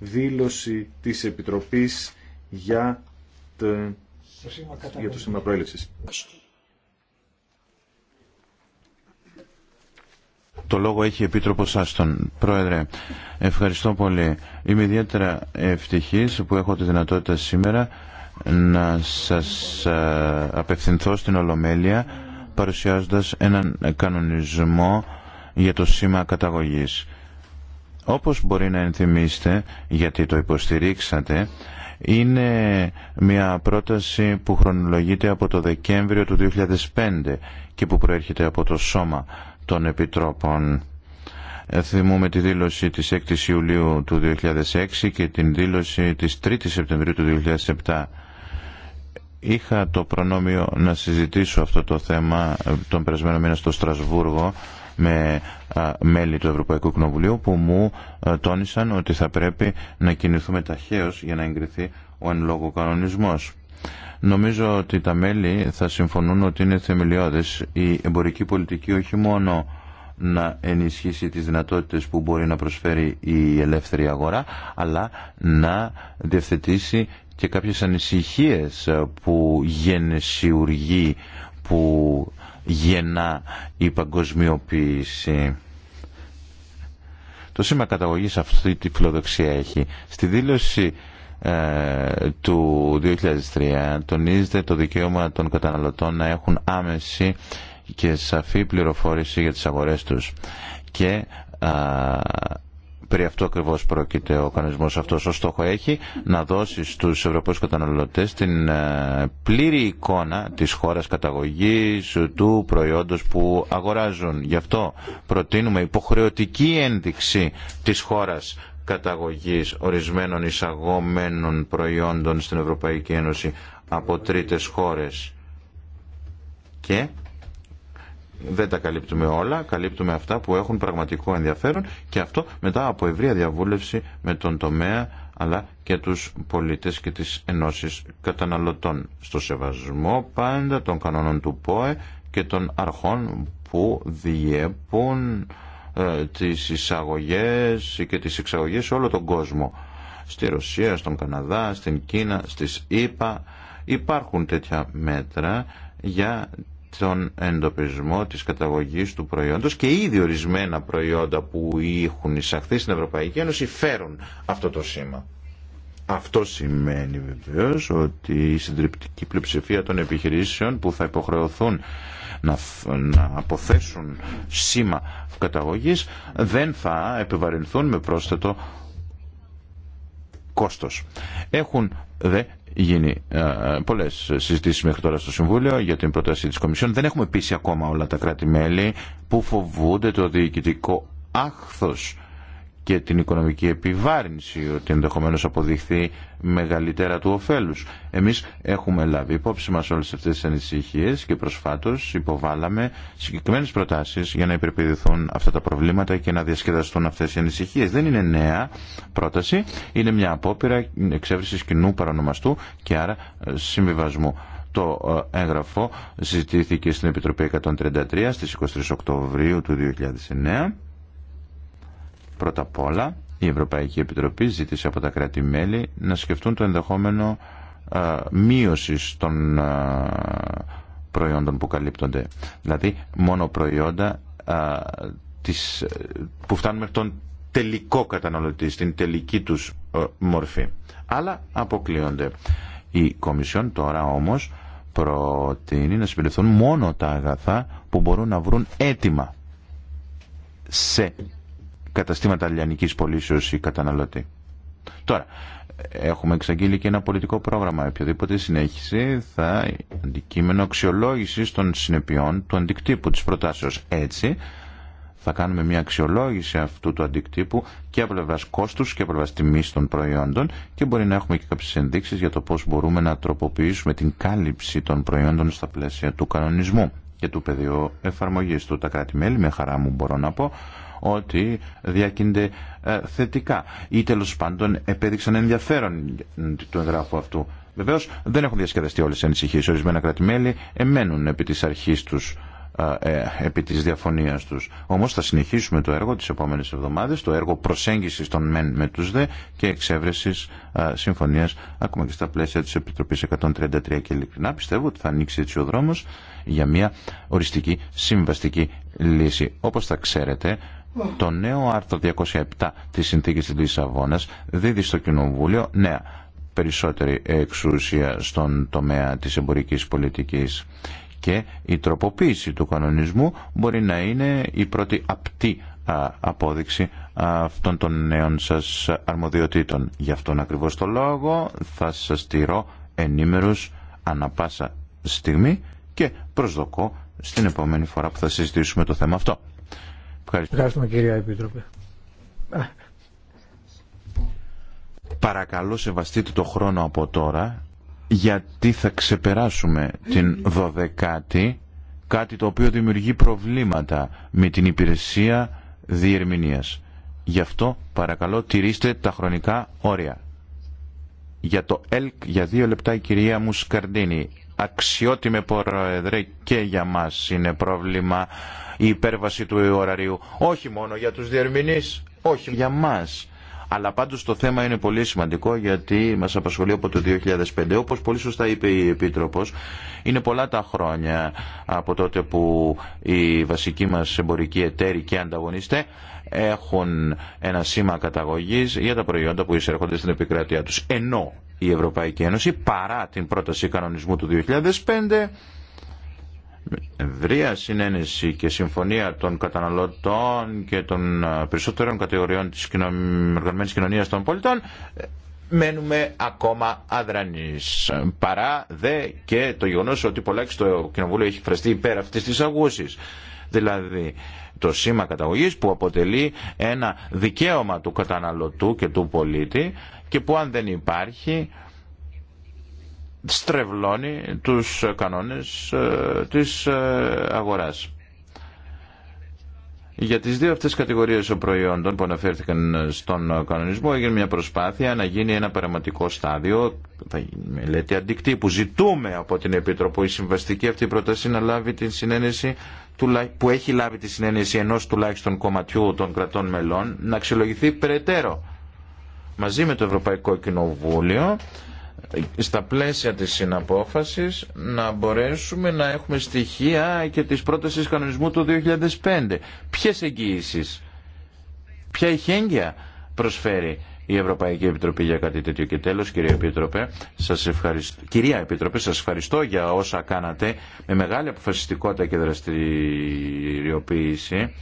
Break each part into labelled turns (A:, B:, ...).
A: δήλωση της Επιτροπής για το, για το σήμα προέλευσης.
B: Το λόγο έχει η Επίτροπος Άστον. Πρόεδρε, ευχαριστώ πολύ. Είμαι ιδιαίτερα ευτυχής που έχω τη δυνατότητα σήμερα να σας ε, απευθυνθώ στην Ολομέλεια παρουσιάζοντας έναν κανονισμό για το σήμα καταγωγής. Όπως μπορεί να ενθυμίσετε, γιατί το υποστηρίξατε, είναι μια πρόταση που χρονολογείται από το Δεκέμβριο του 2005 και που προέρχεται από το Σώμα των Επιτρόπων. Θυμούμε τη δήλωση της 6ης Ιουλίου του 2006 και την δήλωση της 3ης Σεπτεμβρίου του 2007. Είχα το προνόμιο να συζητήσω αυτό το θέμα τον περασμένο μήνα στο Στρασβούργο με μέλη του Ευρωπαϊκού Κοινοβουλίου που μου τόνισαν ότι θα πρέπει να κινηθούμε ταχαίως για να εγκριθεί ο εν λόγω κανονισμός. Νομίζω ότι τα μέλη θα συμφωνούν ότι είναι θεμελιώδες η εμπορική πολιτική όχι μόνο να ενισχύσει τις δυνατότητες που μπορεί να προσφέρει η ελεύθερη αγορά αλλά να διευθετήσει και κάποιες ανησυχίες που γενεσιουργεί που γεννά η παγκοσμιοποίηση. Το σήμα καταγωγής αυτή τη φιλοδοξία έχει. Στη δήλωση ε, του 2003 τονίζεται το δικαίωμα των καταναλωτών να έχουν άμεση και σαφή πληροφόρηση για τις αγορές τους και περί αυτό ακριβώ πρόκειται ο κανονισμό αυτό. Ο στόχο έχει να δώσει στου Ευρωπαίου καταναλωτέ την ε, πλήρη εικόνα τη χώρα καταγωγή του προϊόντο που αγοράζουν. Γι' αυτό προτείνουμε υποχρεωτική ένδειξη τη χώρα καταγωγής ορισμένων εισαγόμενων προϊόντων στην Ευρωπαϊκή Ένωση από τρίτες χώρες και δεν τα καλύπτουμε όλα, καλύπτουμε αυτά που έχουν πραγματικό ενδιαφέρον και αυτό μετά από ευρεία διαβούλευση με τον τομέα αλλά και τους πολίτες και τις ενώσεις καταναλωτών στο σεβασμό πάντα των κανόνων του ΠΟΕ και των αρχών που διέπουν ε, τις εισαγωγές και τις εξαγωγές σε όλο τον κόσμο. Στη Ρωσία, στον Καναδά, στην Κίνα, στις ΗΠΑ υπάρχουν τέτοια μέτρα για τον εντοπισμό της καταγωγής του προϊόντος και ήδη ορισμένα προϊόντα που έχουν εισαχθεί στην Ευρωπαϊκή Ένωση φέρουν αυτό το σήμα. Αυτό σημαίνει βεβαίως ότι η συντριπτική πλειοψηφία των επιχειρήσεων που θα υποχρεωθούν να, αποθέσουν σήμα καταγωγής δεν θα επιβαρυνθούν με πρόσθετο κόστος. Έχουν δε γίνει ε, πολλές συζητήσεις μέχρι τώρα στο Συμβούλιο για την πρόταση της Κομισιόν. Δεν έχουμε πείσει ακόμα όλα τα κράτη-μέλη που φοβούνται το διοικητικό άχθος και την οικονομική επιβάρυνση ότι ενδεχομένω αποδειχθεί μεγαλύτερα του ωφέλους. Εμείς έχουμε λάβει υπόψη μας όλες αυτές τις ανησυχίες και προσφάτως υποβάλαμε συγκεκριμένε προτάσεις για να υπερπηδηθούν αυτά τα προβλήματα και να διασκεδαστούν αυτές οι ανησυχίες. Δεν είναι νέα πρόταση, είναι μια απόπειρα εξέβρισης κοινού παρονομαστού και άρα ε, συμβιβασμού. Το ε, έγγραφο συζητήθηκε στην Επιτροπή 133 στις 23 Οκτωβρίου του 2009 Πρώτα απ' όλα, η Ευρωπαϊκή Επιτροπή ζήτησε από τα κράτη-μέλη να σκεφτούν το ενδεχόμενο μείωση των προϊόντων που καλύπτονται. Δηλαδή, μόνο προϊόντα της, που φτάνουν μέχρι τον τελικό καταναλωτή, στην τελική τους μορφή. Αλλά αποκλείονται. Η Κομισιόν τώρα όμως προτείνει να συμπληρωθούν μόνο τα αγαθά που μπορούν να βρουν έτοιμα σε καταστήματα λιανικής πωλήσεω ή καταναλωτή. Τώρα, έχουμε εξαγγείλει και ένα πολιτικό πρόγραμμα. Οποιοδήποτε συνέχιση θα αντικείμενο αξιολόγηση των συνεπειών του αντικτύπου της προτάσεως. Έτσι, θα κάνουμε μια αξιολόγηση αυτού του αντικτύπου και από πλευρά κόστου και από πλευρά τιμή των προϊόντων και μπορεί να έχουμε και κάποιε ενδείξει για το πώ μπορούμε να τροποποιήσουμε την κάλυψη των προϊόντων στα πλαίσια του κανονισμού και του πεδίου εφαρμογή του. Τα κράτη-μέλη, με χαρά μου μπορώ να πω, ότι διακίνεται ε, θετικά ή τέλο πάντων επέδειξαν ενδιαφέρον του εγγράφου αυτού. Βεβαίω δεν έχουν διασκεδαστεί όλε οι ανησυχίε. Ορισμένα κράτη-μέλη εμένουν επί τη αρχή του ε, ε, επί της διαφωνίας τους. Όμως θα συνεχίσουμε το έργο τις επόμενες εβδομάδες, το έργο προσέγγιση των μεν με τους δε και εξέβρεσης συμφωνίας ακόμα και στα πλαίσια της Επιτροπής 133 και ειλικρινά πιστεύω ότι θα ανοίξει έτσι ο δρόμος για μια οριστική συμβαστική λύση. Όπως θα ξέρετε το νέο άρθρο 207 της Συνθήκης της Λισαβόνας δίδει στο Κοινοβούλιο νέα περισσότερη εξούσια στον τομέα της εμπορικής πολιτικής και η τροποποίηση του κανονισμού μπορεί να είναι η πρώτη απτή απόδειξη αυτών των νέων σας αρμοδιοτήτων. Γι' αυτόν ακριβώς το λόγο θα σας τηρώ ενήμερους ανα πάσα στιγμή και προσδοκώ στην επόμενη φορά που θα συζητήσουμε το θέμα αυτό. Ευχαριστώ.
C: Ευχαριστούμε κυρία Επίτροπε.
B: Παρακαλώ σεβαστείτε το χρόνο από τώρα γιατί θα ξεπεράσουμε την 12η κάτι το οποίο δημιουργεί προβλήματα με την υπηρεσία διερμηνίας. Γι' αυτό παρακαλώ τηρήστε τα χρονικά όρια. Για το ΕΛΚ για δύο λεπτά η κυρία Μουσκαρντίνη αξιότιμε Πρόεδρε και για μας είναι πρόβλημα η υπέρβαση του ωραρίου. Όχι μόνο για τους διερμηνείς, όχι για μας. Αλλά πάντω το θέμα είναι πολύ σημαντικό γιατί μας απασχολεί από το 2005. Όπως πολύ σωστά είπε η επίτροπο, είναι πολλά τα χρόνια από τότε που οι βασικοί μας εμπορικοί εταίροι και ανταγωνίστε έχουν ένα σήμα καταγωγή για τα προϊόντα που εισέρχονται στην επικράτειά τους. Ενώ η Ευρωπαϊκή Ένωση παρά την πρόταση κανονισμού του 2005 ευρεία συνένεση και συμφωνία των καταναλωτών και των ε, περισσότερων κατηγοριών της οργανωμένης κοινωνίας των πολιτών ε, μένουμε ακόμα αδρανείς παρά δε και το γεγονός ότι πολλά στο κοινοβούλιο έχει φραστεί υπέρ αυτής της αγούσης δηλαδή το σήμα καταγωγής που αποτελεί ένα δικαίωμα του καταναλωτού και του πολίτη και που αν δεν υπάρχει στρεβλώνει τους κανόνες ε, της ε, αγοράς. Για τις δύο αυτές κατηγορίες προϊόντων που αναφέρθηκαν στον κανονισμό έγινε μια προσπάθεια να γίνει ένα πραγματικό στάδιο, μελέτη αντικτύπου. Ζητούμε από την Επίτροπο η συμβαστική αυτή πρόταση να λάβει την συνένεση που έχει λάβει τη συνένεση ενός τουλάχιστον κομματιού των κρατών μελών να αξιολογηθεί περαιτέρω μαζί με το Ευρωπαϊκό Κοινοβούλιο στα πλαίσια της συναπόφασης να μπορέσουμε να έχουμε στοιχεία και της πρότασης κανονισμού του 2005. Ποιες εγγύησεις, ποια ηχέγγυα προσφέρει η Ευρωπαϊκή Επιτροπή για κάτι τέτοιο. Και τέλος, κύριε Επίτροπε, σας ευχαριστώ, κυρία Επίτροπε, σας ευχαριστώ για όσα κάνατε με μεγάλη αποφασιστικότητα και δραστηριοποίηση.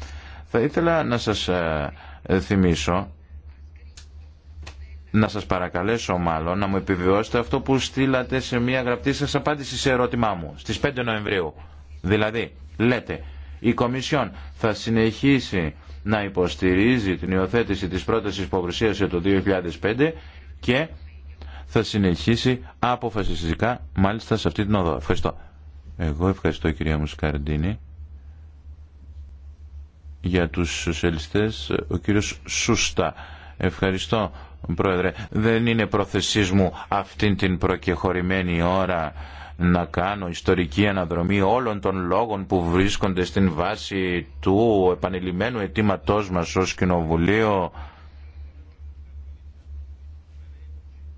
B: Θα ήθελα να σας ε, θυμίσω να σας παρακαλέσω μάλλον να μου επιβεβαιώσετε αυτό που στείλατε σε μια γραπτή σας απάντηση σε ερώτημά μου στις 5 Νοεμβρίου. Δηλαδή, λέτε, η Κομισιόν θα συνεχίσει να υποστηρίζει την υιοθέτηση της πρότασης υποκρισίας για το 2005 και θα συνεχίσει αποφασιστικά μάλιστα σε αυτή την οδό. Ευχαριστώ. Εγώ ευχαριστώ κυρία Μουσκαρντίνη. Για τους σοσιαλιστές ο κύριος Σούστα. Ευχαριστώ Πρόεδρε, δεν είναι πρόθεσή μου αυτήν την προκεχωρημένη ώρα να κάνω ιστορική αναδρομή όλων των λόγων που βρίσκονται στην βάση του επανειλημμένου αιτήματό μας ως Κοινοβουλίο.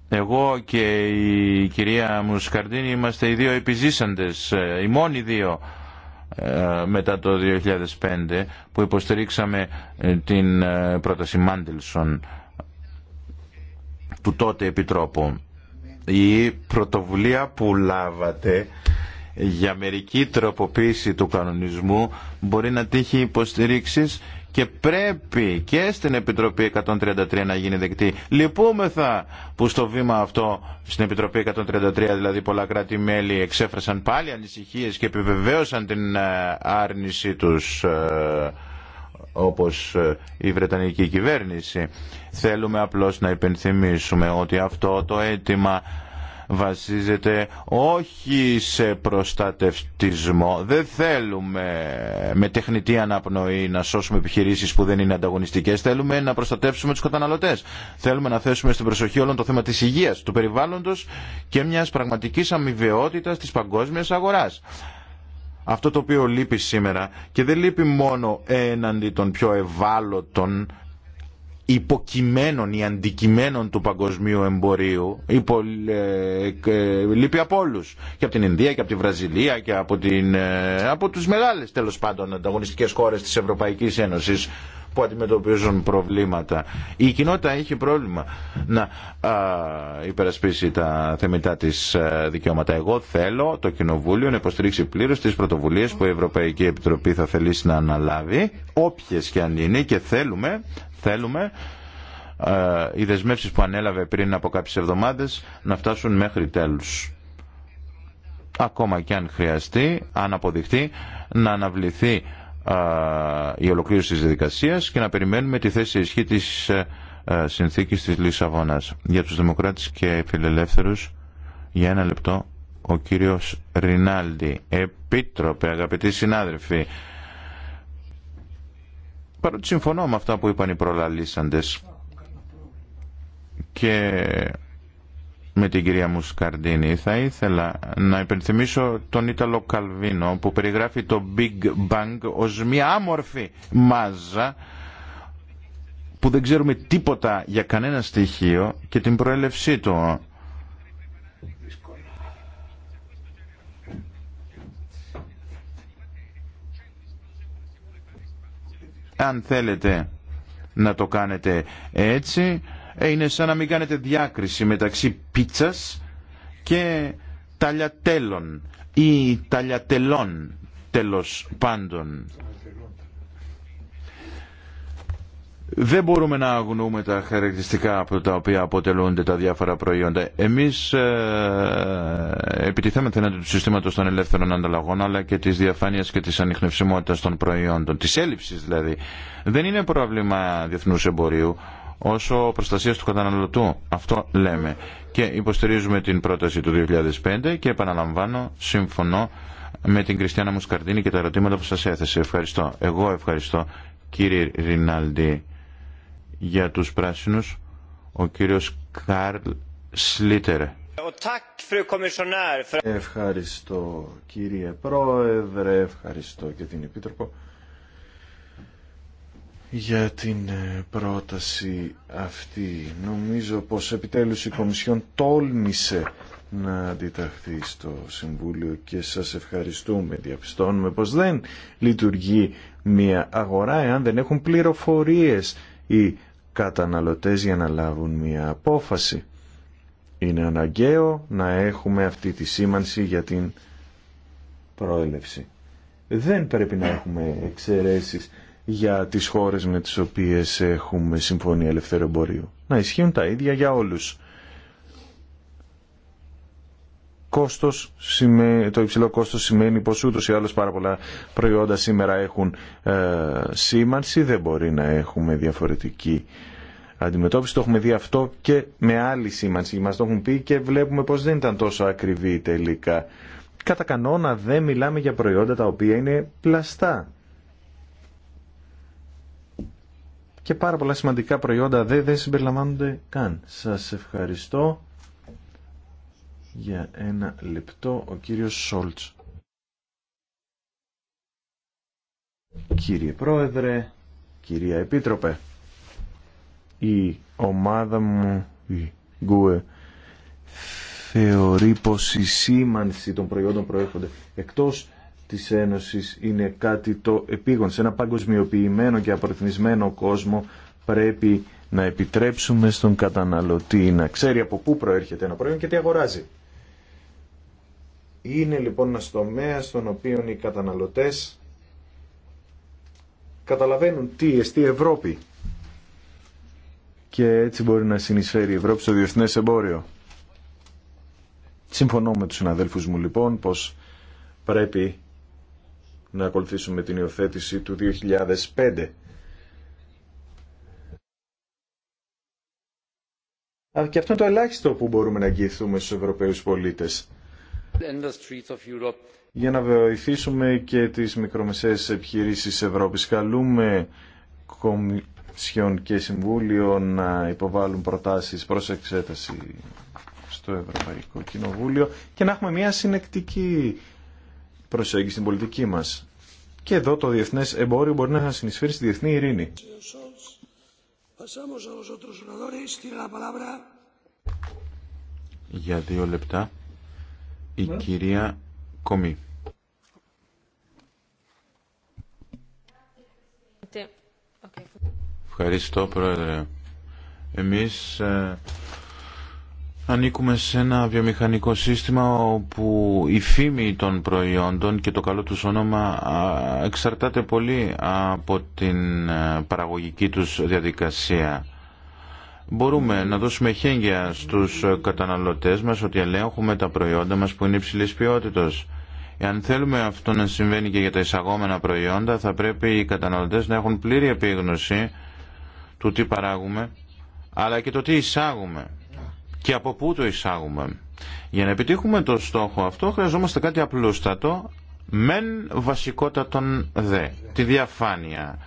B: Εγώ και η κυρία Μουσκαρδίνη είμαστε οι δύο επιζήσαντες, ε, οι μόνοι δύο ε, μετά το 2005 που υποστηρίξαμε ε, την πρόταση Μάντελσον του τότε Επιτρόπου. Η πρωτοβουλία που λάβατε για μερική τροποποίηση του κανονισμού μπορεί να τύχει υποστηρίξεις και πρέπει και στην Επιτροπή 133 να γίνει δεκτή. Λυπούμεθα που στο βήμα αυτό στην Επιτροπή 133 δηλαδή πολλά κράτη-μέλη εξέφρασαν πάλι ανησυχίες και επιβεβαίωσαν την ε, άρνησή τους ε, όπως ε, η Βρετανική κυβέρνηση. Θέλουμε απλώς να υπενθυμίσουμε ότι αυτό το αίτημα βασίζεται όχι σε προστατευτισμό. Δεν θέλουμε με τεχνητή αναπνοή να σώσουμε επιχειρήσεις που δεν είναι ανταγωνιστικές. Θέλουμε να προστατεύσουμε τους καταναλωτές. Θέλουμε να θέσουμε στην προσοχή όλων το θέμα της υγείας, του περιβάλλοντος και μιας πραγματικής αμοιβαιότητας της παγκόσμιας αγοράς. Αυτό το οποίο λείπει σήμερα και δεν λείπει μόνο έναντι των πιο ευάλωτων υποκειμένων ή αντικειμένων του παγκοσμίου εμπορίου υπο, ε, ε, λείπει από όλου. Και από την Ινδία και από τη Βραζιλία και από, την, ε, από τους μεγάλες τέλος πάντων ανταγωνιστικές χώρες της Ευρωπαϊκής Ένωσης που αντιμετωπίζουν προβλήματα. Η κοινότητα έχει πρόβλημα να υπερασπίσει τα θεμητά της δικαιώματα. Εγώ θέλω το Κοινοβούλιο να υποστηρίξει πλήρως τις πρωτοβουλίες που η Ευρωπαϊκή Επιτροπή θα θελήσει να αναλάβει, όποιες και αν είναι και θέλουμε, θέλουμε οι δεσμεύσεις που ανέλαβε πριν από κάποιες εβδομάδες να φτάσουν μέχρι τέλους ακόμα και αν χρειαστεί, αν αποδειχτεί, να αναβληθεί η ολοκλήρωση της διαδικασία και να περιμένουμε τη θέση ισχύ της ε, ε, συνθήκης της Λισαβόνας. Για τους Δημοκράτες και Φιλελεύθερους, για ένα λεπτό, ο κύριος Ρινάλντι. Επίτροπε, αγαπητοί συνάδελφοι, παρότι συμφωνώ με αυτά που είπαν οι προλαλήσαντες και με την κυρία Μουσκαρντίνη. Θα ήθελα να υπενθυμίσω τον Ιταλο Καλβίνο που περιγράφει το Big Bang ως μια άμορφη μάζα που δεν ξέρουμε τίποτα για κανένα στοιχείο και την προέλευσή του. Αν θέλετε να το κάνετε έτσι, ε, είναι σαν να μην κάνετε διάκριση μεταξύ πίτσας και ταλιατέλων ή ταλιατελών τέλος πάντων. Δεν μπορούμε να αγνοούμε τα χαρακτηριστικά από τα οποία αποτελούνται τα διάφορα προϊόντα. Εμείς ε, επιτιθέμεθα εναντί του συστήματος των ελεύθερων ανταλλαγών αλλά και της διαφάνειας και της ανιχνευσιμότητας των προϊόντων, της έλλειψης δηλαδή. Δεν είναι πρόβλημα διεθνούς εμπορίου όσο προστασία του καταναλωτού. Αυτό λέμε. Και υποστηρίζουμε την πρόταση του 2005 και επαναλαμβάνω, συμφωνώ με την Κριστιανά Μουσκαρδίνη και τα ερωτήματα που σας έθεσε. Ευχαριστώ. Εγώ ευχαριστώ κύριε Ρινάλντι για τους πράσινους. Ο κύριος
A: Καρλ Σλίτερ. Ευχαριστώ κύριε Πρόεδρε, ευχαριστώ και την Επίτροπο για την ε, πρόταση αυτή. Νομίζω πως επιτέλους η Κομισιόν τόλμησε να αντιταχθεί στο Συμβούλιο και σας ευχαριστούμε. Διαπιστώνουμε πως δεν λειτουργεί μια αγορά εάν δεν έχουν πληροφορίες οι καταναλωτές για να λάβουν μια απόφαση. Είναι αναγκαίο να έχουμε αυτή τη σήμανση για την προέλευση. Δεν πρέπει να έχουμε εξαιρέσεις για τις χώρες με τις οποίες έχουμε συμφωνία ελευθέρου Να ισχύουν τα ίδια για όλους. Κόστος, το υψηλό κόστος σημαίνει πως ούτως ή άλλως πάρα πολλά προϊόντα σήμερα έχουν ε, σήμανση. Δεν μπορεί να έχουμε διαφορετική αντιμετώπιση. Το έχουμε δει αυτό και με άλλη σήμανση. Μας το έχουν πει και βλέπουμε πως δεν ήταν τόσο ακριβή τελικά. Κατά κανόνα δεν μιλάμε για προϊόντα τα οποία είναι πλαστά. και πάρα πολλά σημαντικά προϊόντα δεν δε συμπεριλαμβάνονται καν. Σας ευχαριστώ για ένα λεπτό ο κύριος Σόλτς. Κύριε Πρόεδρε, κυρία Επίτροπε, η ομάδα μου, η Γκουε, θεωρεί πως η σήμανση των προϊόντων προέρχονται εκτός της Ένωσης είναι κάτι το επίγον. Σε ένα παγκοσμιοποιημένο και απορριθμισμένο κόσμο πρέπει να επιτρέψουμε στον καταναλωτή να ξέρει από πού προέρχεται ένα προϊόν και τι αγοράζει. Είναι λοιπόν ένα τομέα στον οποίο οι καταναλωτές καταλαβαίνουν τι εστί Ευρώπη και έτσι μπορεί να συνεισφέρει η Ευρώπη στο διεθνές εμπόριο. Συμφωνώ με τους συναδέλφους μου λοιπόν πως πρέπει να ακολουθήσουμε την υιοθέτηση του 2005. Και αυτό είναι το ελάχιστο που μπορούμε να αγγιηθούμε στους Ευρωπαίους πολίτες. Για να βοηθήσουμε και τις μικρομεσαίες επιχειρήσεις Ευρώπης, καλούμε Κομισιόν και Συμβούλιο να υποβάλουν προτάσεις προς εξέταση στο Ευρωπαϊκό Κοινοβούλιο και να έχουμε μια συνεκτική προσέγγιση στην πολιτική μας. Και εδώ το διεθνές εμπόριο μπορεί να συνεισφέρει στη διεθνή ειρήνη. Για δύο λεπτά η ναι. κυρία
B: Κομή. Ευχαριστώ πρόεδρε. Εμείς ε, Ανήκουμε σε ένα βιομηχανικό σύστημα όπου η φήμη των προϊόντων και το καλό του όνομα εξαρτάται πολύ από την ε, παραγωγική τους διαδικασία. Μπορούμε να δώσουμε χέγγια στους ε, καταναλωτές μας ότι ελέγχουμε τα προϊόντα μας που είναι υψηλή ποιότητα. Εάν θέλουμε αυτό να συμβαίνει και για τα εισαγόμενα προϊόντα, θα πρέπει οι καταναλωτές να έχουν πλήρη επίγνωση του τι παράγουμε, αλλά και το τι εισάγουμε και από πού το εισάγουμε. Για να επιτύχουμε το στόχο αυτό χρειαζόμαστε κάτι απλούστατο, μεν βασικότατον δε, τη διαφάνεια.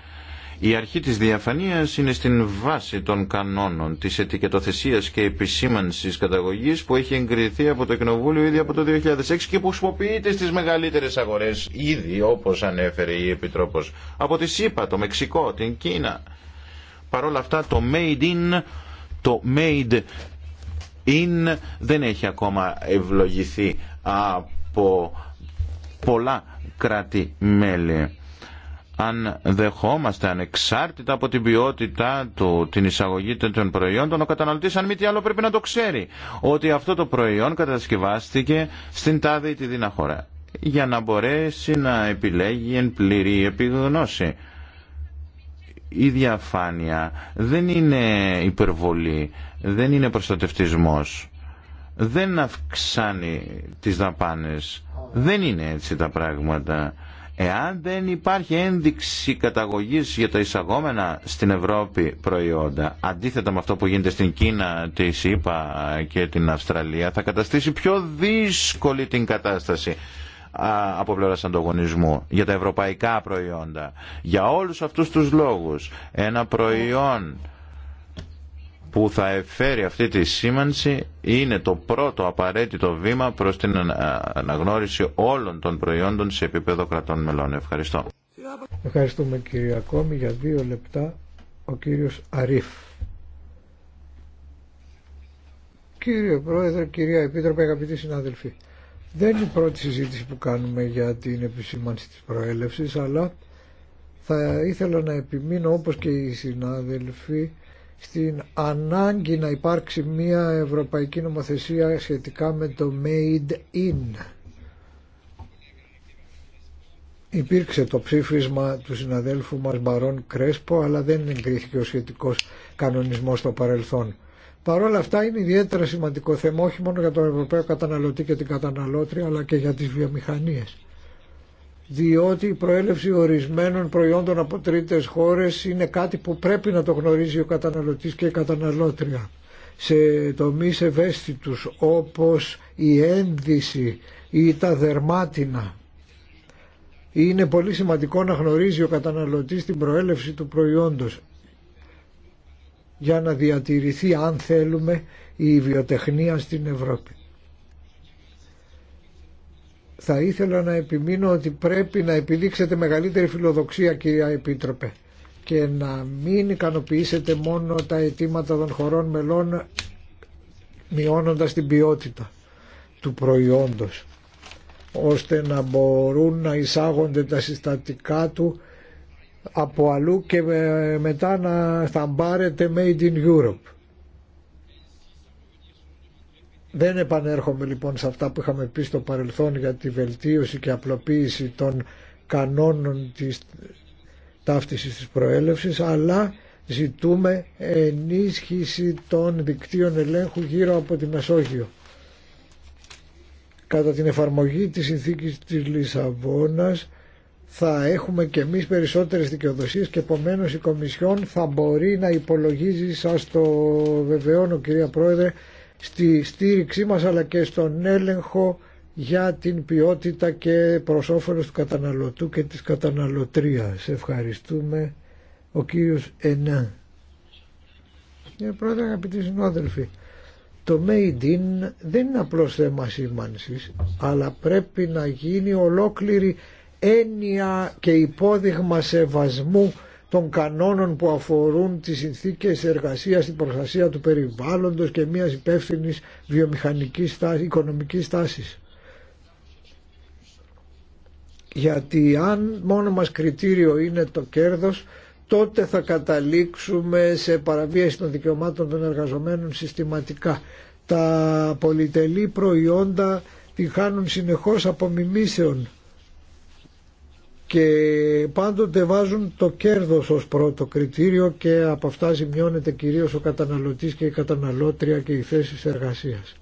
B: Η αρχή της διαφανείας είναι στην βάση των κανόνων της ετικετοθεσίας και επισήμανσης καταγωγής που έχει εγκριθεί από το Κοινοβούλιο ήδη από το 2006 και που χρησιμοποιείται στις μεγαλύτερες αγορές ήδη όπως ανέφερε η Επιτρόπος από τη ΣΥΠΑ, το Μεξικό, την Κίνα. Παρ' όλα αυτά το Made in, το Made είναι δεν έχει ακόμα ευλογηθεί από πολλά κράτη-μέλη. Αν δεχόμαστε ανεξάρτητα από την ποιότητα του, την εισαγωγή των προϊόντων, ο καταναλωτής αν μη τι άλλο πρέπει να το ξέρει ότι αυτό το προϊόν κατασκευάστηκε στην τάδε ή τη δίνα χώρα για να μπορέσει να επιλέγει εν πληρή επιγνώση. Η διαφάνεια δεν είναι υπερβολή δεν είναι προστατευτισμός. Δεν αυξάνει τις δαπάνες. Δεν είναι έτσι τα πράγματα. Εάν δεν υπάρχει ένδειξη καταγωγής για τα εισαγόμενα στην Ευρώπη προϊόντα, αντίθετα με αυτό που γίνεται στην Κίνα, τη ΣΥΠΑ και την Αυστραλία, θα καταστήσει πιο δύσκολη την κατάσταση από πλευρά ανταγωνισμού για τα ευρωπαϊκά προϊόντα. Για όλους αυτούς τους λόγους, ένα προϊόν που θα εφέρει αυτή τη σήμανση είναι το πρώτο απαραίτητο βήμα προς την αναγνώριση όλων των προϊόντων σε επίπεδο κρατών μελών. Ευχαριστώ.
C: Ευχαριστούμε κύριε Ακόμη. Για δύο λεπτά ο κύριος Αρίφ. Κύριε Πρόεδρε, κυρία Επίτροπε, αγαπητοί συνάδελφοι. Δεν είναι η πρώτη συζήτηση που κάνουμε για την επισήμανση της προέλευσης, αλλά θα ήθελα να επιμείνω όπως και οι συνάδελφοι στην ανάγκη να υπάρξει μια ευρωπαϊκή νομοθεσία σχετικά με το Made In. Υπήρξε το ψήφισμα του συναδέλφου μας Μπαρόν Κρέσπο αλλά δεν εγκρίθηκε ο σχετικός κανονισμός στο παρελθόν. Παρ' όλα αυτά είναι ιδιαίτερα σημαντικό θέμα όχι μόνο για τον Ευρωπαίο καταναλωτή και την καταναλώτρια αλλά και για τις βιομηχανίες διότι η προέλευση ορισμένων προϊόντων από τρίτες χώρες είναι κάτι που πρέπει να το γνωρίζει ο καταναλωτής και η καταναλώτρια. Σε τομείς ευαίσθητους όπως η ένδυση ή τα δερμάτινα είναι πολύ σημαντικό να γνωρίζει ο καταναλωτής την προέλευση του προϊόντος για να διατηρηθεί αν θέλουμε η βιοτεχνία στην Ευρώπη θα ήθελα να επιμείνω ότι πρέπει να επιδείξετε μεγαλύτερη φιλοδοξία κυρία Επίτροπε και να μην ικανοποιήσετε μόνο τα αιτήματα των χωρών μελών μειώνοντας την ποιότητα του προϊόντος ώστε να μπορούν να εισάγονται τα συστατικά του από αλλού και ε, μετά να θαμπάρετε made in Europe. Δεν επανέρχομαι λοιπόν σε αυτά που είχαμε πει στο παρελθόν για τη βελτίωση και απλοποίηση των κανόνων της ταύτισης της προέλευσης, αλλά ζητούμε ενίσχυση των δικτύων ελέγχου γύρω από τη Μεσόγειο. Κατά την εφαρμογή της συνθήκης της Λισαβόνας θα έχουμε και εμείς περισσότερες δικαιοδοσίες και επομένως η Κομισιόν θα μπορεί να υπολογίζει, σας το βεβαιώνω κυρία Πρόεδρε, στη στήριξή μας αλλά και στον έλεγχο για την ποιότητα και προς του καταναλωτού και της καταναλωτρίας. Ευχαριστούμε. Ο κύριος Ενά. Κύριε Πρόεδρε, αγαπητοί συνόδελφοι, το Made in δεν είναι απλώς θέμα σήμανσης, αλλά πρέπει να γίνει ολόκληρη έννοια και υπόδειγμα σεβασμού των κανόνων που αφορούν τις συνθήκες εργασίας, την προστασία του περιβάλλοντος και μιας υπεύθυνη βιομηχανικής τάσης, οικονομικής τάσης. Γιατί αν μόνο μας κριτήριο είναι το κέρδος, τότε θα καταλήξουμε σε παραβίαση των δικαιωμάτων των εργαζομένων συστηματικά. Τα πολυτελή προϊόντα τη χάνουν συνεχώς μιμήσεων και πάντοτε βάζουν το κέρδος ως πρώτο κριτήριο και από αυτά ζημιώνεται κυρίως ο καταναλωτής και η καταναλώτρια και οι θέσεις εργασίας.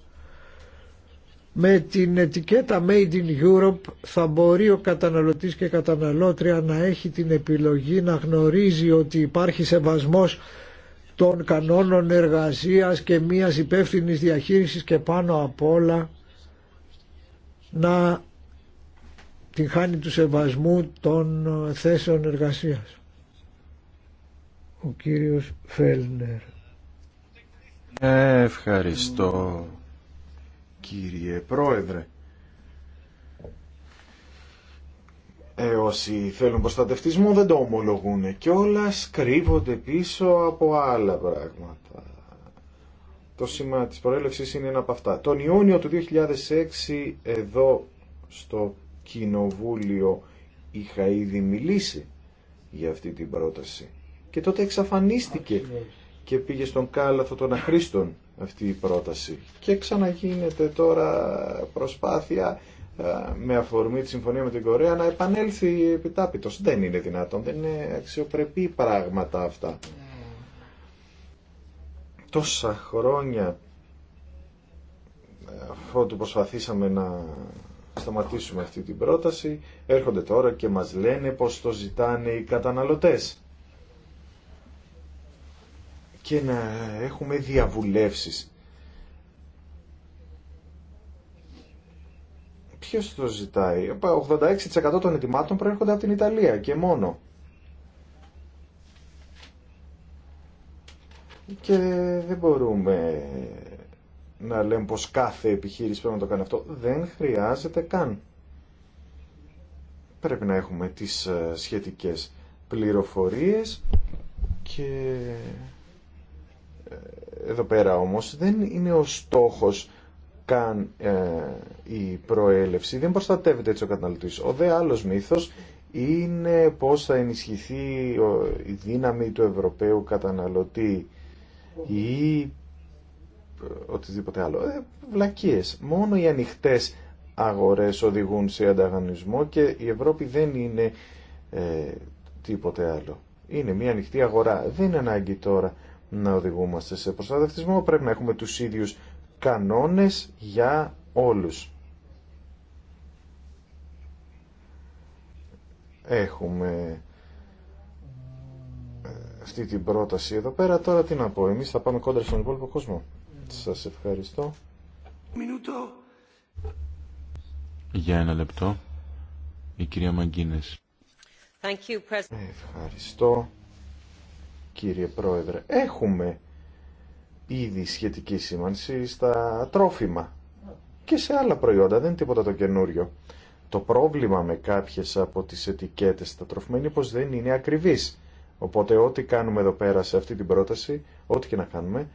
C: Με την ετικέτα Made in Europe θα μπορεί ο καταναλωτής και η καταναλώτρια να έχει την επιλογή να γνωρίζει ότι υπάρχει σεβασμός των κανόνων εργασίας και μιας υπεύθυνης διαχείρισης και πάνω απ' όλα να την χάνει του σεβασμού των θέσεων εργασίας. Ο κύριος Φέλνερ.
A: Ευχαριστώ κύριε Πρόεδρε. Ε, όσοι θέλουν προστατευτισμό δεν το ομολογούν και όλα σκρύβονται πίσω από άλλα πράγματα. Το σήμα της προέλευσης είναι ένα από αυτά. Τον Ιούνιο του 2006 εδώ στο κοινοβούλιο είχα ήδη μιλήσει για αυτή την πρόταση. Και τότε εξαφανίστηκε και πήγε στον κάλαθο των αχρήστων αυτή η πρόταση. Και ξαναγίνεται τώρα προσπάθεια ε, με αφορμή τη συμφωνία με την Κορέα να επανέλθει επιτάπητος. Δεν είναι δυνατόν, δεν είναι αξιοπρεπή πράγματα αυτά. Τόσα χρόνια ε, αφού του προσπαθήσαμε να σταματήσουμε αυτή την πρόταση. Έρχονται τώρα και μας λένε πως το ζητάνε οι καταναλωτές. Και να έχουμε διαβουλεύσεις. Ποιος το ζητάει. 86% των ετοιμάτων προέρχονται από την Ιταλία και μόνο. Και δεν μπορούμε να λέμε πως κάθε επιχείρηση πρέπει να το κάνει αυτό. Δεν χρειάζεται καν. Πρέπει να έχουμε τις ε, σχετικές πληροφορίες και ε, εδώ πέρα όμως δεν είναι ο στόχος καν ε, η προέλευση. Δεν προστατεύεται έτσι ο καταναλωτής. Ο δε άλλος μύθος είναι πως θα ενισχυθεί η δύναμη του Ευρωπαίου καταναλωτή ή οτιδήποτε άλλο. Ε, βλακίες. Μόνο οι ανοιχτέ αγορές οδηγούν σε ανταγωνισμό και η Ευρώπη δεν είναι ε, τίποτε άλλο. Είναι μια ανοιχτή αγορά. Δεν είναι ανάγκη τώρα να οδηγούμαστε σε προστατευτισμό. Πρέπει να έχουμε τους ίδιους κανόνες για όλους. Έχουμε ε, αυτή την πρόταση εδώ πέρα. Τώρα τι να πω. Εμείς θα πάμε κόντρα στον υπόλοιπο κόσμο. Σας ευχαριστώ. Μινούτο.
B: Για ένα λεπτό,
A: η κυρία Μαγκίνες. ευχαριστώ, κύριε Πρόεδρε. Έχουμε ήδη σχετική σήμανση στα τρόφιμα και σε άλλα προϊόντα, δεν είναι τίποτα το καινούριο. Το πρόβλημα με κάποιες από τις ετικέτες στα τρόφιμα είναι πως δεν είναι ακριβής. Οπότε ό,τι κάνουμε εδώ πέρα σε αυτή την πρόταση, ό,τι και να κάνουμε,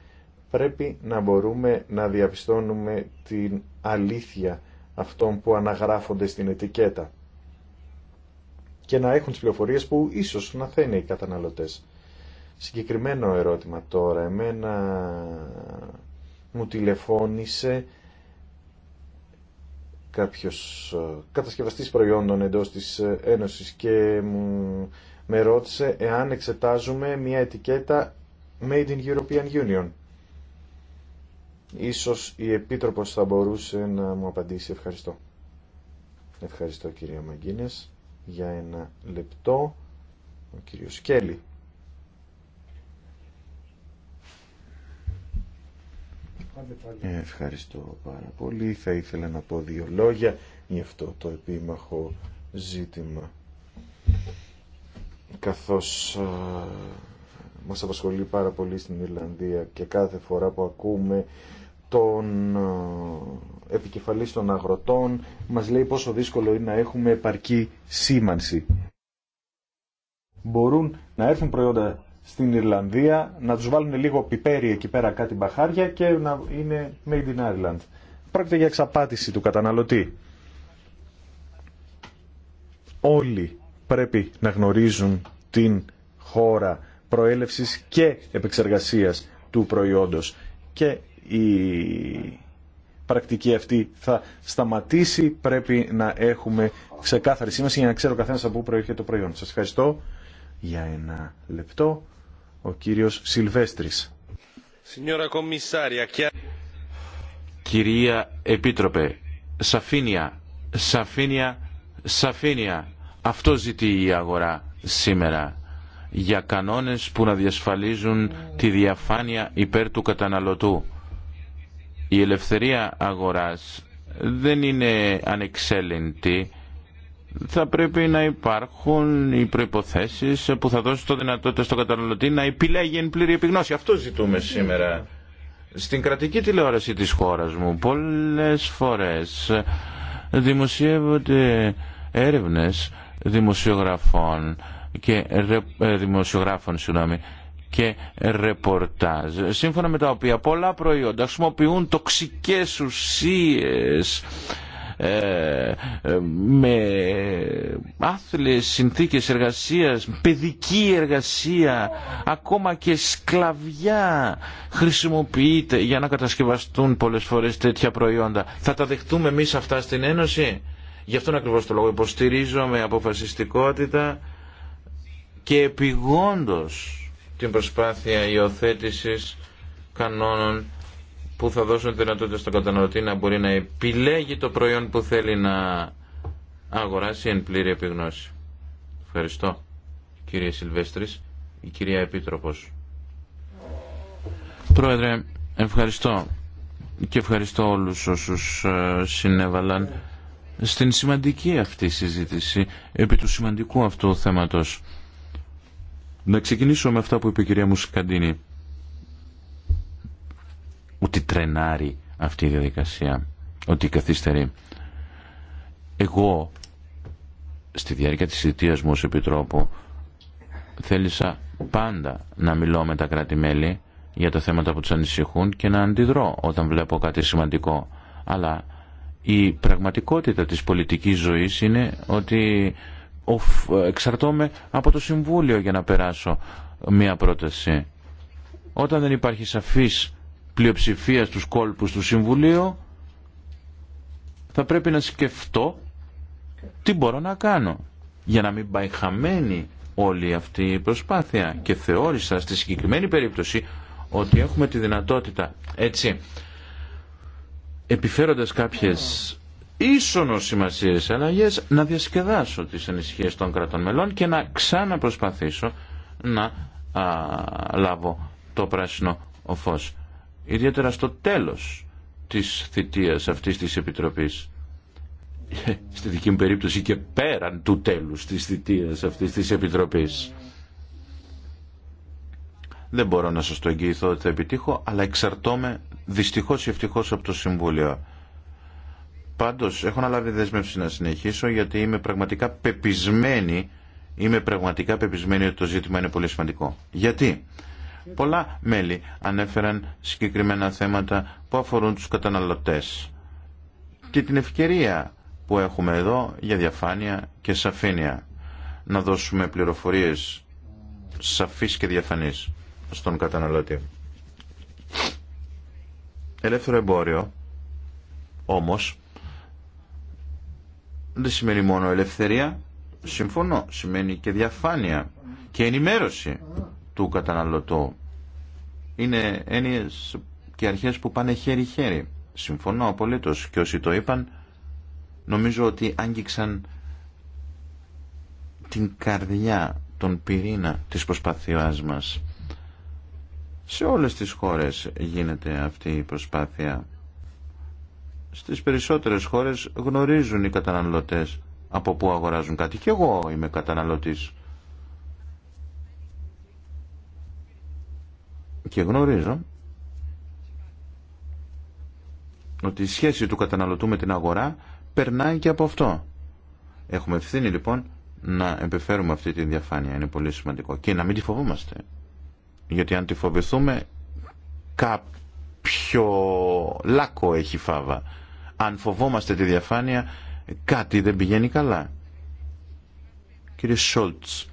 A: πρέπει να μπορούμε να διαπιστώνουμε την αλήθεια αυτών που αναγράφονται στην ετικέτα και να έχουν τις πληροφορίες που ίσως να θένει οι καταναλωτές. Συγκεκριμένο ερώτημα τώρα. Εμένα μου τηλεφώνησε κάποιος ε, κατασκευαστής προϊόντων εντός της ε, Ένωσης και μου με ρώτησε εάν εξετάζουμε μια ετικέτα Made in European Union. Ίσως η Επίτροπος θα μπορούσε να μου απαντήσει. Ευχαριστώ. Ευχαριστώ κυρία Μαγκίνες. Για ένα λεπτό ο κύριος Κέλλη. Ευχαριστώ πάρα πολύ. Θα ήθελα να πω δύο λόγια για αυτό το επίμαχο ζήτημα. Καθώς μας απασχολεί πάρα πολύ στην Ιρλανδία και κάθε φορά που ακούμε τον επικεφαλής των αγροτών μας λέει πόσο δύσκολο είναι να έχουμε επαρκή σήμανση. Μπορούν να έρθουν προϊόντα στην Ιρλανδία, να τους βάλουν λίγο πιπέρι εκεί πέρα κάτι μπαχάρια και να είναι made in Ireland. Πρόκειται για εξαπάτηση του καταναλωτή. Όλοι πρέπει να γνωρίζουν την χώρα προέλευσης και επεξεργασίας του προϊόντος. Και η πρακτική αυτή θα σταματήσει. Πρέπει να έχουμε ξεκάθαρη σήμαση για να ξέρω καθένας από πού προέρχεται το προϊόν. Σας ευχαριστώ για ένα λεπτό. Ο κύριος Σιλβέστρης.
B: Κυρία Επίτροπε, σαφήνεια, σαφήνεια, σαφήνεια. Αυτό ζητεί η αγορά σήμερα για κανόνες που να διασφαλίζουν τη διαφάνεια υπέρ του καταναλωτού. Η ελευθερία αγοράς δεν είναι ανεξέλεγκτη. Θα πρέπει να υπάρχουν οι προϋποθέσεις που θα δώσουν το δυνατότητα στον καταναλωτή να επιλέγει εν πλήρη επιγνώση. Αυτό ζητούμε σήμερα. Στην κρατική τηλεόραση της χώρας μου πολλές φορές δημοσιεύονται έρευνες δημοσιογραφών και ε, δημοσιογράφων και ρεπορτάζ, σύμφωνα με τα οποία πολλά προϊόντα χρησιμοποιούν τοξικές ουσίες ε, ε, με άθλες συνθήκες εργασίας, παιδική εργασία, ακόμα και σκλαβιά χρησιμοποιείται για να κατασκευαστούν πολλές φορές τέτοια προϊόντα. Θα τα δεχτούμε εμείς αυτά στην Ένωση. Γι' αυτόν ακριβώς το λόγο υποστηρίζω αποφασιστικότητα και επιγόντως την προσπάθεια υιοθέτηση κανόνων που θα δώσουν δυνατότητα στον καταναλωτή να μπορεί να επιλέγει το προϊόν που θέλει να αγοράσει εν πλήρη επιγνώση. Ευχαριστώ κύριε Σιλβέστρης, η κυρία Επίτροπος. Πρόεδρε, ευχαριστώ και ευχαριστώ όλους όσους ε, συνέβαλαν στην σημαντική αυτή συζήτηση επί του σημαντικού αυτού θέματος. Να ξεκινήσω με αυτά που είπε η κυρία Μουσικαντίνη. Ότι τρενάρει αυτή η διαδικασία, ότι καθυστερεί. Εγώ, στη διάρκεια της θητείας μου ως Επιτρόπου, θέλησα πάντα να μιλώ με τα κράτη-μέλη για τα θέματα που τους ανησυχούν και να αντιδρώ όταν βλέπω κάτι σημαντικό. Αλλά η πραγματικότητα της πολιτικής ζωής είναι ότι εξαρτώμαι από το Συμβούλιο για να περάσω μία πρόταση. Όταν δεν υπάρχει σαφής πλειοψηφία στους κόλπους του Συμβουλίου, θα πρέπει να σκεφτώ τι μπορώ να κάνω για να μην πάει χαμένη όλη αυτή η προσπάθεια. Και θεώρησα στη συγκεκριμένη περίπτωση ότι έχουμε τη δυνατότητα, έτσι, επιφέροντας κάποιες ίσονος σημασίες αλλαγές να διασκεδάσω τις ανησυχίε των κρατών μελών και να ξαναπροσπαθήσω να λάβω το πράσινο φως. Ιδιαίτερα στο τέλος της θητείας αυτής της Επιτροπής στη δική μου περίπτωση και πέραν του τέλους της θητείας αυτής της Επιτροπής. Δεν μπορώ να σας το εγγυηθώ ότι θα επιτύχω, αλλά εξαρτώμαι δυστυχώς ή ευτυχώς από το Συμβούλιο. Πάντως έχω αναλάβει δέσμευση να συνεχίσω γιατί είμαι πραγματικά πεπισμένη είμαι πραγματικά πεπισμένη ότι το ζήτημα είναι πολύ σημαντικό. Γιατί πολλά μέλη ανέφεραν συγκεκριμένα θέματα που αφορούν τους καταναλωτές και την ευκαιρία που έχουμε εδώ για διαφάνεια και σαφήνεια να δώσουμε πληροφορίες σαφής και διαφανής στον καταναλωτή. Ελεύθερο εμπόριο όμως δεν σημαίνει μόνο ελευθερία, συμφωνώ, σημαίνει και διαφάνεια και ενημέρωση του καταναλωτού. Είναι έννοιες και αρχές που πάνε χέρι-χέρι. Συμφωνώ απολύτως και όσοι το είπαν νομίζω ότι άγγιξαν την καρδιά, τον πυρήνα της προσπάθειάς μας. Σε όλες τις χώρες γίνεται αυτή η προσπάθεια στις περισσότερες χώρες γνωρίζουν οι καταναλωτές από πού αγοράζουν κάτι. Και εγώ είμαι καταναλωτής. Και γνωρίζω ότι η σχέση του καταναλωτού με την αγορά περνάει και από αυτό. Έχουμε ευθύνη λοιπόν να επιφέρουμε αυτή τη διαφάνεια. Είναι πολύ σημαντικό. Και να μην τη φοβόμαστε. Γιατί αν τη φοβηθούμε κάποιο λάκκο έχει φάβα. Αν φοβόμαστε τη διαφάνεια, κάτι δεν πηγαίνει καλά. Κύριε Σόλτς,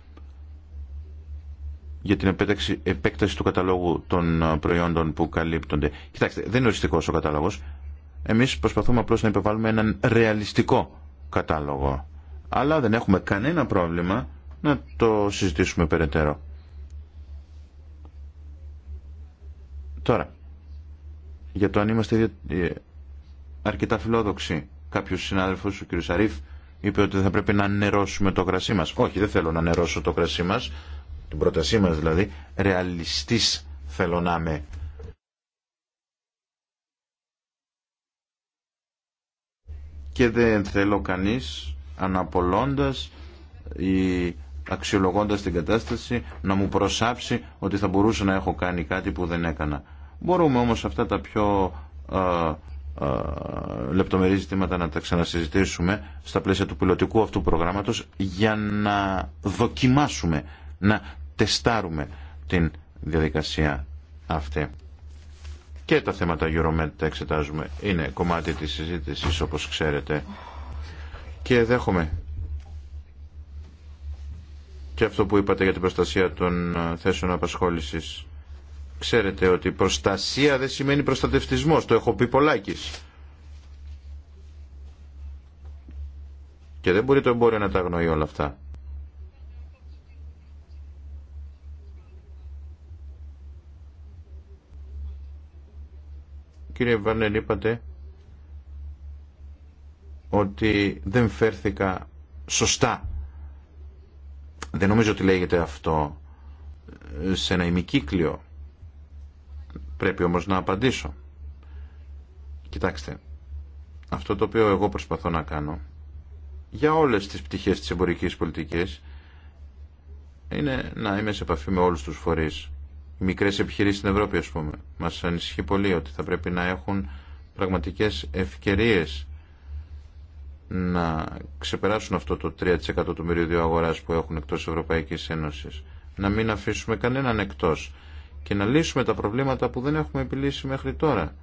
B: για την επέκταση, επέκταση του καταλόγου των ε, προϊόντων που καλύπτονται. Κοιτάξτε, δεν είναι οριστικό ο κατάλογο. Εμεί προσπαθούμε απλώ να υπερβάλλουμε έναν ρεαλιστικό κατάλογο. Αλλά δεν έχουμε κανένα πρόβλημα να το συζητήσουμε περαιτέρω. Τώρα, για το αν είμαστε ε, αρκετά φιλόδοξη. Κάποιο συνάδελφο, ο κ. Σαρίφ, είπε ότι θα πρέπει να νερώσουμε το κρασί μα. Όχι, δεν θέλω να νερώσω το κρασί μα, την πρότασή μα δηλαδή. Ρεαλιστή θέλω να είμαι. Και δεν θέλω κανείς αναπολώντας ή αξιολογώντας την κατάσταση να μου προσάψει ότι θα μπορούσα να έχω κάνει κάτι που δεν έκανα. Μπορούμε όμως αυτά τα πιο λεπτομερή ζητήματα να τα ξανασυζητήσουμε στα πλαίσια του πιλωτικού αυτού προγράμματος για να δοκιμάσουμε, να τεστάρουμε την διαδικασία αυτή. Και τα θέματα EuroMed τα εξετάζουμε. Είναι κομμάτι της συζήτησης όπως ξέρετε και δέχομαι και αυτό που είπατε για την προστασία των ε, θέσεων απασχόλησης Ξέρετε ότι προστασία δεν σημαίνει προστατευτισμός, το έχω πει πολλάκις. Και δεν μπορεί το εμπόριο να τα αγνοεί όλα αυτά. Κύριε Βανέλη, είπατε ότι δεν φέρθηκα σωστά. Δεν νομίζω ότι λέγεται αυτό σε ένα ημικύκλιο. Πρέπει όμως να απαντήσω. Κοιτάξτε, αυτό το οποίο εγώ προσπαθώ να κάνω για όλες τις πτυχές της εμπορικής πολιτικής είναι να είμαι σε επαφή με όλους τους φορείς. μικρές επιχειρήσεις στην Ευρώπη, ας πούμε, μας ανησυχεί πολύ ότι θα πρέπει να έχουν πραγματικές ευκαιρίες να ξεπεράσουν αυτό το 3% του μεριδίου αγοράς που έχουν εκτός Ευρωπαϊκής Ένωσης. Να μην αφήσουμε κανέναν εκτός και να λύσουμε τα προβλήματα που δεν έχουμε επιλύσει μέχρι τώρα.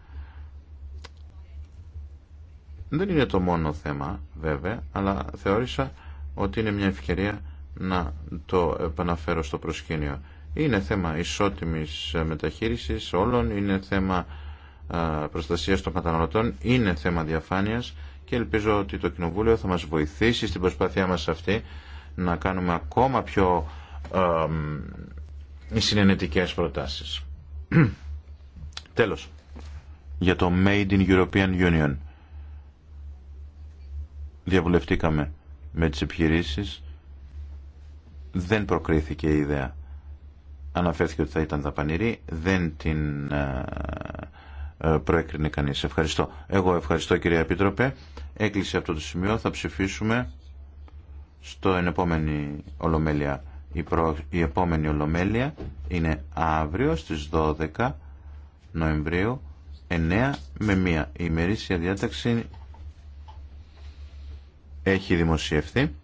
B: Δεν είναι το μόνο θέμα βέβαια, αλλά θεώρησα ότι είναι μια ευκαιρία να το επαναφέρω στο προσκήνιο. Είναι θέμα ισότιμης ε, μεταχείρισης όλων, είναι θέμα ε, προστασίας των καταναλωτών, είναι θέμα διαφάνειας και ελπίζω ότι το Κοινοβούλιο θα μας βοηθήσει στην προσπάθειά μας αυτή να κάνουμε ακόμα πιο ε, οι συνενετικές προτάσεις. Τέλος, για το Made in European Union διαβουλευτήκαμε με τις επιχειρήσεις δεν προκρίθηκε η ιδέα αναφέρθηκε ότι θα ήταν δαπανηρή δεν την ε, ε, προέκρινε κανείς ευχαριστώ εγώ ευχαριστώ κυρία Επίτροπε έκλεισε αυτό το σημείο θα ψηφίσουμε στο ενεπόμενη ολομέλεια η, επόμενη ολομέλεια είναι αύριο στις 12 Νοεμβρίου 9 με 1. Η ημερήσια διάταξη έχει δημοσιευθεί.